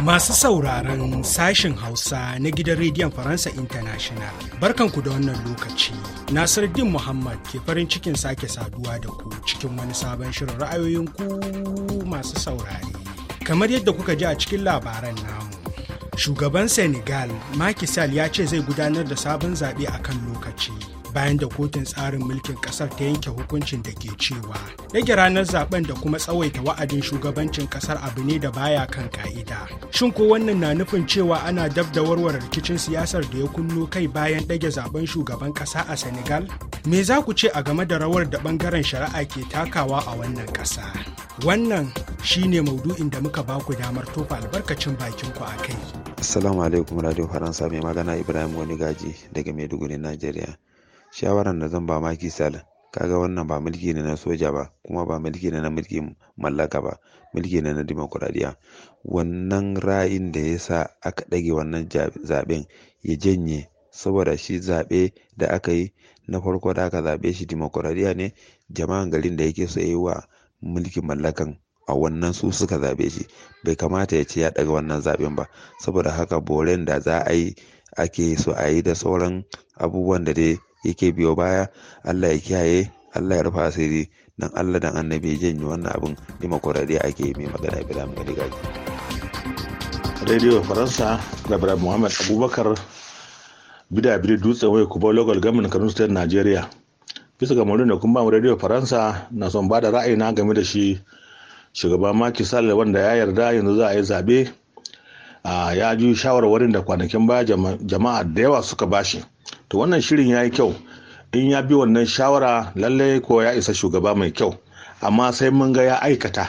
Masu sauraron sashen Hausa na gidan Rediyon Faransa International, barkanku da wannan lokaci. Nasiruddin Muhammad ke farin cikin sake saduwa da ku cikin wani sabon shirin ra'ayoyin ku masu saurare. Kamar yadda kuka ji a cikin labaran namu, shugaban Senegal Macky ya ce zai gudanar da sabon zaɓe a kan lokaci. bayan da kotun tsarin mulkin kasar ta yanke hukuncin da ke cewa rage ranar zaben da kuma tsawaita wa'adin shugabancin kasar abu ne da baya kan ka'ida shin ko wannan na nufin cewa ana dab da warware rikicin siyasar da ya kunno kai bayan ɗage zaben shugaban ƙasa a senegal me za ku ce a game da rawar da ɓangaren shari'a ke takawa a wannan ƙasa? wannan shine maudu'in da muka baku damar tofa albarkacin bakin ku a kai assalamu alaikum radio faransa mai magana ibrahim wani gaji daga maiduguri najeriya Shawaran da zan ba maki salin kaga wannan ba mulki ne na soja ba kuma ba mulki ne na mulkin mallaka ba, mulki ne na dimokuraɗiyya. Wannan ra'ayin da ya sa aka ɗage wannan zaɓen ya janye saboda shi zaɓe da aka yi na farko da aka zaɓe shi dimokuraɗiyya ne. Jama'an garin da yake so ya yi wa mulkin mallakan a wannan su suka zaɓe shi. Bai kamata ya ce ya ɗaga wannan zaɓen ba. Saboda haka boren da za a yi ake so a yi da sauran abubuwan da dai yake biyo baya allah ya kiyaye allah ya rufa asiri dan allah dan annabi ya yi wannan abin dimokuraɗiyya ake mai magana bila mai rigaji radio faransa da muhammad abubakar bida bida dutsen wai kuma local government kano state nigeria bisa ga maurin da ba mu radio faransa na son ba da na game da shi shugaban maki sall wanda ya yarda yanzu za a yi zabe ya ji shawarwarin da kwanakin baya jama'a da yawa suka bashi to wannan shirin ya yi kyau in ya bi wannan shawara lallai ko ya isa shugaba mai kyau amma sai mun ga ya aikata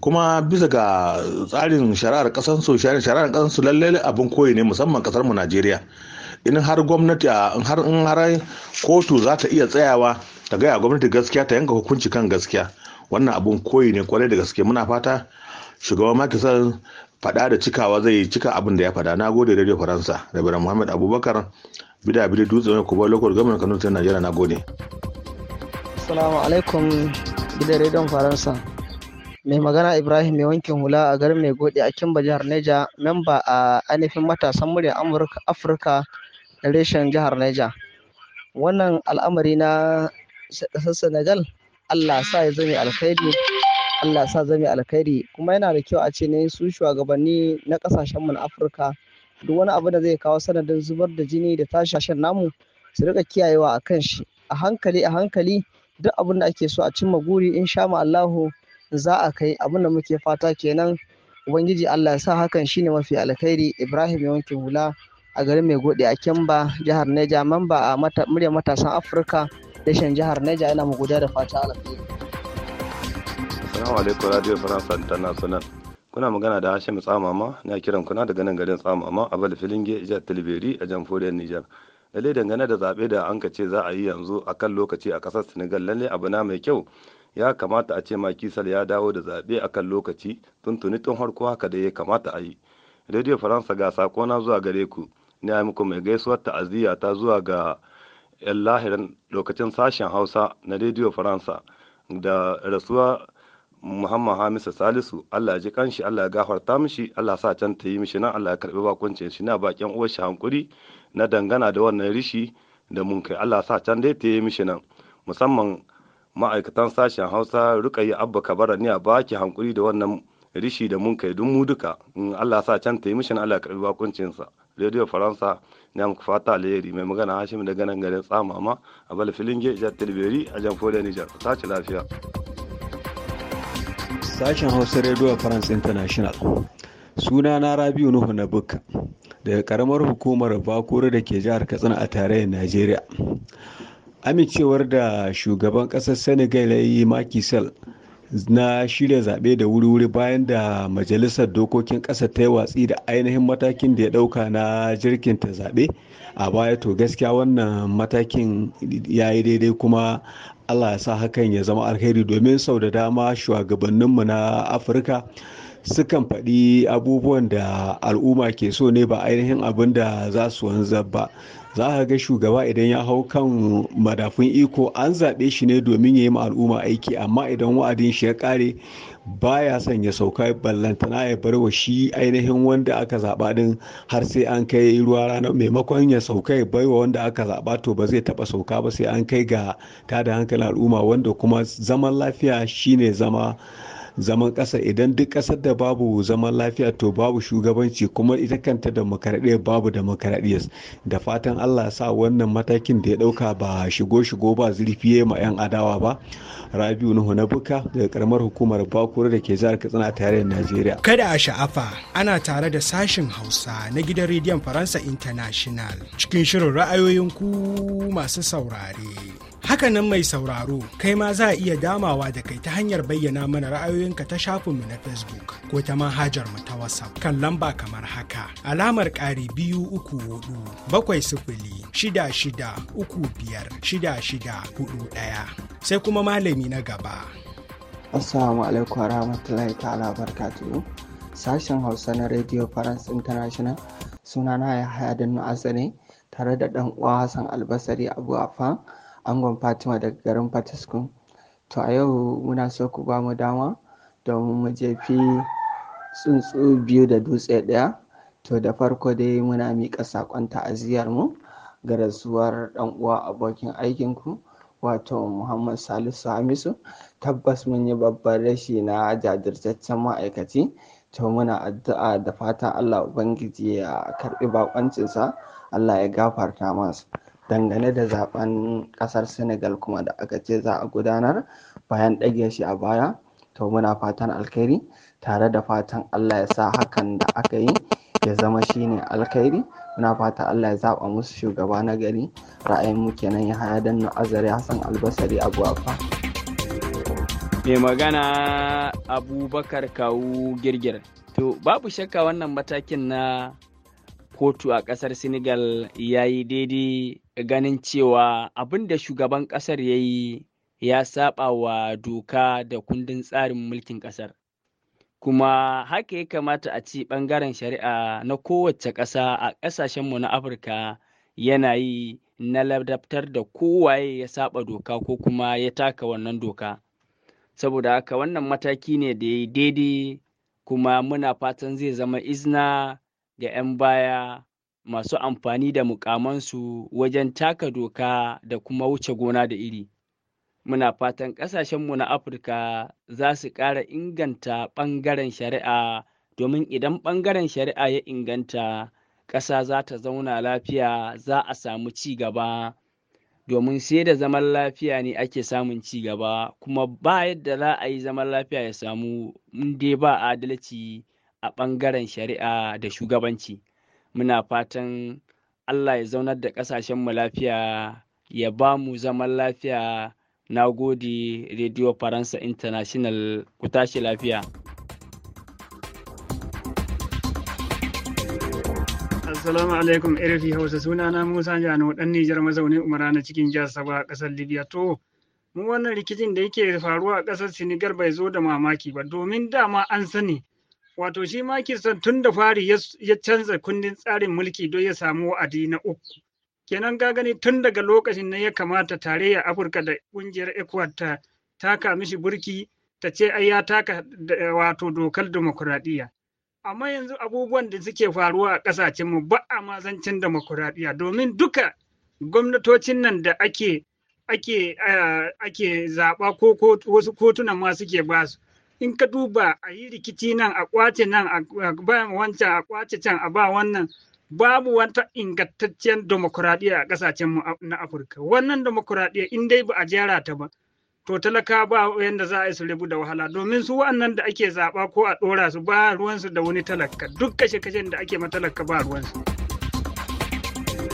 kuma bisa ga tsarin shari'ar kasan su shari'ar kasan su lalle abin koyi ne musamman kasar mu Najeriya in har gwamnati in har in har kotu za ta iya tsayawa ta gaya gwamnati gaskiya ta yanka hukunci kan gaskiya wannan abin koyi ne kwarai da gaske muna fata shugaban makisar fada da cikawa zai cika abin da ya fada na gode Da faransa da muhammad abubakar bida bida dutse wani kuma lokacin gwamnan kano ta najeriya na gode Salamu alaikum gidan rediyon faransa mai magana ibrahim mai wankin hula a garin mai gode a kimba jihar neja memba a ainihin matasan murya afirka da reshen jihar neja wannan al'amari na ƙasar senegal allah sa ya zame alkhairi allah sa zame alkhairi kuma yana da kyau a ce ne su shugabanni na ƙasashenmu na afirka duk wani abu da zai kawo sanadin zubar da jini da tashashen namu su rika kiyayewa a kan shi a hankali a hankali duk abin da ake so a cimma guri in sha Allahu za a kai abin da muke fata kenan ubangiji Allah ya sa hakan shine mafi alkhairi Ibrahim ya wanke hula a garin mai gode a Kemba jihar Neja mamba a muryar matasan Afirka shan jihar Neja yana mu da fata alkhairi Assalamu alaikum Radio France International kuna magana da Hashim Tsamama na kiran kuna daga nan garin Tsamama a Bala Filinge jihar Tilberi a jamhuriyar niger Lalle dangane da zaɓe da an ce za a yi yanzu a kan lokaci a ƙasar Senegal lalle abu na mai kyau ya kamata a ce ma makisal ya dawo da zaɓe a kan lokaci tuntuni tun harko haka da ya kamata a yi. Radio Faransa ga sakona zuwa gare ku ne muku mai gaisuwar ta'aziyya ta zuwa ga 'yan lahirin lokacin sashen Hausa na Radio Faransa da rasuwa Muhammad Hamisu Salisu Allah ji kanshi Allah ya gafarta mishi Allah sa can ta yi mishi nan Allah ya karbi bakuncin shi na bakin uwar shi hankuri na dangana da wannan rishi da mun kai Allah sa can dai ta yi mishi nan musamman ma'aikatan sashen Hausa Rukayi Abba Kabara ne a baki hankuri da wannan rishi da mun kai mu duka in Allah sa can ta yi mishi nan Allah ya karbi bakuncin sa Radio Faransa ne muku fata alheri mai magana Hashim da ganan garin Tsamama a Balfilin Gejar Tilberi a Jamfo da Nijar sace lafiya Sashen Hausa rediyo France International. Suna na Rabiu Nuhu na Bukka daga karamar hukumar Bakure da ke jihar Katsina a tarayyar Najeriya. Amincewar da shugaban ƙasar Senegal ya yi makisal na shirya zaɓe da wuri-wuri bayan da majalisar dokokin ƙasa ta yi watsi da ainihin matakin da ya ɗauka na jirkinta zaɓe a baya to gaskiya wannan matakin ya yi daidai kuma allah ya sa hakan ya zama alheri domin sau da dama shugabanninmu na afirka sukan faɗi abubuwan da al'umma ke so ne ba ainihin abin da za su wanzar ba za ka ga shugaba idan ya hau kan madafun iko an zaɓe shi ne domin ya yi ma al'umma aiki amma idan wa'adin shi ya ƙare ya son ya sauka ballantana ya bar wa shi ainihin wanda aka zaɓa din har sai an kai ruwa rana maimakon ya sauka ya baiwa wanda aka zaɓa to ba zai taɓa sauka ba sai an kai ga tada hankalin al'umma wanda kuma zaman lafiya shine zama zaman ƙasa idan duk ƙasar da babu zaman lafiya to babu shugabanci kuma ita kanta demokaradiyya babu demokaradiyya da fatan allah sa wannan matakin da ya ɗauka ba shigo shigo ba zurfi ma 'yan adawa ba rabiu nuhu na buka daga karamar hukumar bakuru da ke jihar katsina tarihin najeriya kada a sha'afa ana tare da sashin hausa na gidan rediyon faransa international cikin shirin ra'ayoyin ku masu saurare Hakanan mai sauraro, kai ma za a iya damawa da kai ta hanyar bayyana mana ra'ayoyinka ta shafinmu na Facebook ko ta manhajar mu ta WhatsApp kan lamba kamar haka. Alamar ƙari biyu uku hudu bakwai sifili shida shida uku biyar shida shida hudu ɗaya. Sai kuma malami na gaba. Assalamu alaikum wa rahmatullahi ta'ala barkatuhu. Sashen Hausa na Radio France International sunana ya haya da ne tare da ɗan uwa Hassan Albasari Abu Afan. angon Fatima daga garin Fataskun. To a yau muna so ku ba mu dama domin mu jefi tsuntsu biyu da dutse ɗaya. To da farko dai muna miƙa saƙon ta'aziyar mu ga rasuwar ɗan uwa abokin aikinku wato Muhammad Salisu Hamisu. Tabbas mun yi babban rashi na jajirtaccen ma'aikaci. To muna addu'a da fata Allah Ubangiji ya karɓi bakoncinsa, Allah ya gafarta masa. dangane da zaben kasar senegal kuma da aka ce za a gudanar bayan ɗage shi a baya to muna fatan alkhairi tare da fatan allah ya sa hakan da aka yi ya zama shine alkhairi muna fatan allah ya zaɓa musu shugaba na gari ra'ayin mu kenan ya haya danna azari hassan albasari abu afa mai magana abubakar kawu girgir to babu shakka wannan matakin na kotu a ƙasar Senegal ya yi daidai ganin cewa abin da shugaban ƙasar ya yi ya saba wa doka da kundin tsarin mulkin ƙasar. Kuma haka ya kamata a ci ɓangaren shari'a na kowace ƙasa a ƙasashenmu na Afirka yana yi na ladabtar da kowaye ya saba doka ko kuma ya taka wannan doka. Saboda haka wannan mataki ne da ya yi daidai kuma muna fatan zai zama izna ga 'yan baya masu amfani da mukamansu wajen taka doka da kuma wuce gona da iri. Muna fatan ƙasashenmu na Afirka za su ƙara inganta ɓangaren shari'a domin idan ɓangaren shari'a ya inganta ƙasa za ta zauna lafiya za a samu ci gaba domin sai da zaman lafiya ne ake samun ci gaba kuma ba yadda za a yi zaman lafiya ya samu in dai ba adalci a ɓangaren shari'a da shugabanci muna fatan allah ya zaunar da ƙasashenmu lafiya ya ba mu zaman lafiya na gode radio faransa international ku tashi lafiya Assalamu alaikum RFI Hausa suna na Musa Jano ɗan Nijar mazaunin Umara na cikin jihar Saba a ƙasar Libya to mu wannan rikicin da yake faruwa a ƙasar Senegal bai zo da mamaki ba domin dama an sani wato shi Makirson tun da fari ya canza kundin tsarin mulki don ya samu wa'adi na uku. Kenan ka gani tun daga lokacin na ya kamata tarayya Afirka da ƙungiyar ecuador ta taka mishi burki ta ce ai ya taka wato dokar demokuraɗiyya. Amma yanzu abubuwan da suke faruwa a ƙasashenmu ba a mazancin demokuraɗiyya domin duka gwamnatocin nan da ake ake eh, ake zaɓa ko wasu kotunan ma suke basu in ka duba a yi rikici nan a kwace nan a ba wancan a kwace can a ba wannan babu wata ingantacciyar demokuraɗiyya a ƙasashen na afirka wannan demokuraɗiyya in dai ba a jera ta ba to talaka ba yadda za a yi su rabu da wahala domin su wannan da ake zaɓa ko a ɗora su ba ruwansu da wani talaka duk kashe-kashen da ake matalaka ba ruwansu.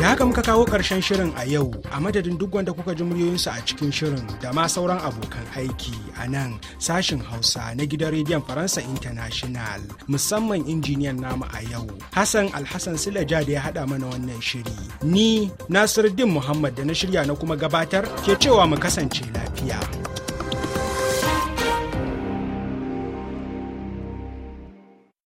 Da haka muka kawo ƙarshen shirin a yau a madadin duk wanda kuka ji muryoyinsu a cikin shirin da ma sauran abokan aiki a nan sashin Hausa na gidan rediyon Faransa International musamman injiniyan namu a yau Hassan Alhassan Silaja da ya haɗa mana wannan shiri. Ni Nasiruddin Muhammad da na shirya na kuma gabatar ke cewa mu kasance lafiya.